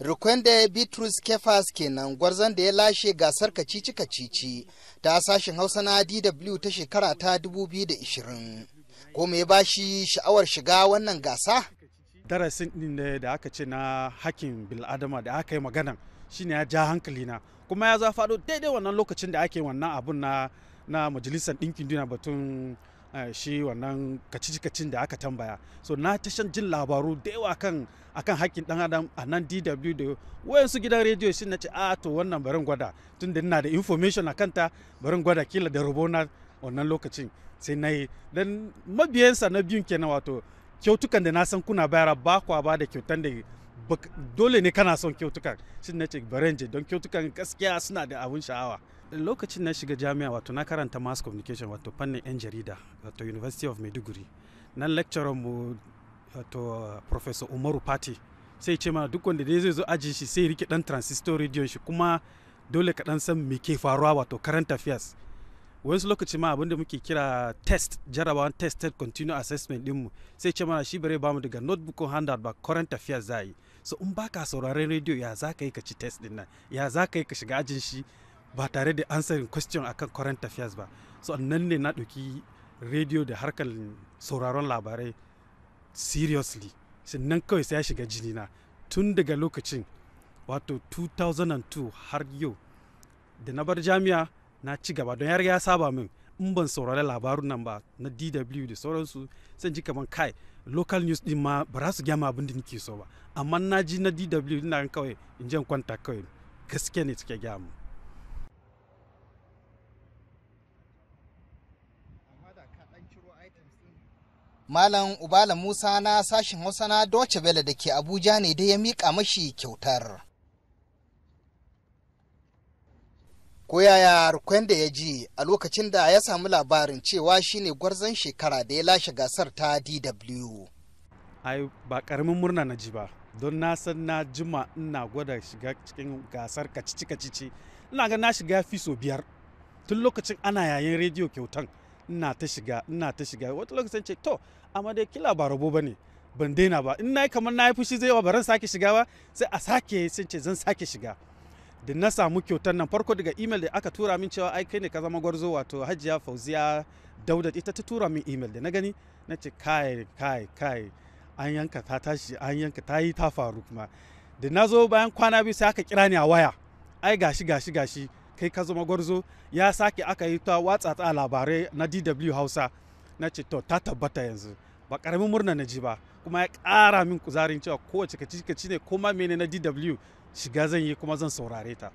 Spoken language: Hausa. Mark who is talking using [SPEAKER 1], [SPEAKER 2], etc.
[SPEAKER 1] Rukwende Bitrus Kefas kenan gwarzon da ya lashe gasar kacici-kacici ta sashen Hausa na DW ta shekara
[SPEAKER 2] ta 2020. Ko mai bashi sha'awar shiga wannan gasa? Darasin ɗin da aka ce na hakin bil'adama da aka yi maganan shine ya ja hankali na kuma ya za faɗo daidai wannan lokacin da ake wannan abun na na majalisar ɗinkin duniya batun shi wannan kacici kacin da aka tambaya so na ta shan jin labaru da yawa kan akan hakkin dan adam a nan DW da wayansu gidan rediyo shi na ce a to wannan barin gwada Tun da ina da information a kanta barin gwada kila da rubona wannan lokacin sai na yi dan mabiyansa na biyun kenan wato kyautukan da na san kuna bayara ba kwa ba da kyautan da dole ne kana son kyautukan shi na ce barin je don kyautukan gaskiya suna da abun sha'awa lokacin na shiga jami'a wato na karanta mass communication wato fannin 'yan jarida wato university of maiduguri nan lecturer mu wato uh, professor umaru pati sai ce mana duk wanda dai zai zo aji shi sai rike dan transistor radio shi kuma dole ka dan san me ke faruwa wato current affairs wasu lokaci ma abinda muke kira test jarabawa tested continuous assessment dinmu sai ce mana shi bare bamu daga notebook ko handout ba current affairs za yi so in baka sauraren radio ya za ka yi ka ci test din nan ya za yi ka shiga ajin shi ba tare da answering question akan current affairs ba so nan ne na ɗauki rediyo da harkar sauraron labarai seriously sannan kawai sai ya shiga jini na tun daga lokacin wato 2002 har yau da na bar jami'a na ci gaba don ya saba min in ban saurari labarun nan ba na dw da sauransu sai ji kamar kai local news din ma ba za su gyama abin da nake so ba amma na ji na dw ina kawai in je kwanta kawai gaskiya ne suke gyama
[SPEAKER 1] Malam Ubala Musa na sashin Hausa na Doce Bela da ke Abuja ne dai ya miƙa mashi kyautar. Ko yaya da ya ji a lokacin da ya samu labarin cewa
[SPEAKER 2] shi ne gwarzon shekara da ya lashe gasar ta DW. Ai ba ƙaramin murna na ji ba, don na san na jima ina gwada shiga cikin gasar kacici-kacici. Ina ga na shiga fi so biyar tun lokacin ana yayin rediyo kyautan. ina ta shiga ina ta shiga wata lokacin ce to amma dai kila ba rabo bane ban daina ba in nayi kamar na yi fushi zai ba ran sake shiga ba sai a sake sun ce zan sake shiga da na samu kyautar nan farko daga email da aka tura min cewa ai kai ne ka zama gwarzo wato hajiya fauziya dauda ita ta tura min email da na gani na ce kai kai kai an yanka ta tashi an yanka ta yi ta faru kuma da na zo bayan kwana biyu sai aka kira ni a waya ai gashi gashi gashi kai ka zama gwarzo ya sake aka yi ta watsa ta labarai na dw hausa na ce to ta tabbata yanzu ba karamin murna na ji ba kuma ya ƙara min kuzarin cewa kowace kaci ne ko ma mene na dw shiga zan yi kuma zan saurare ta